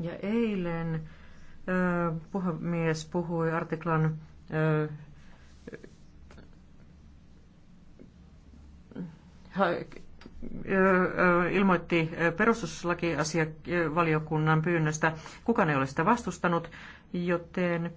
Ja eilen puhemies puhui artiklan ilmoitti perustuslakiasiavaliokunnan pyynnöstä. Kukaan ei ole sitä vastustanut, joten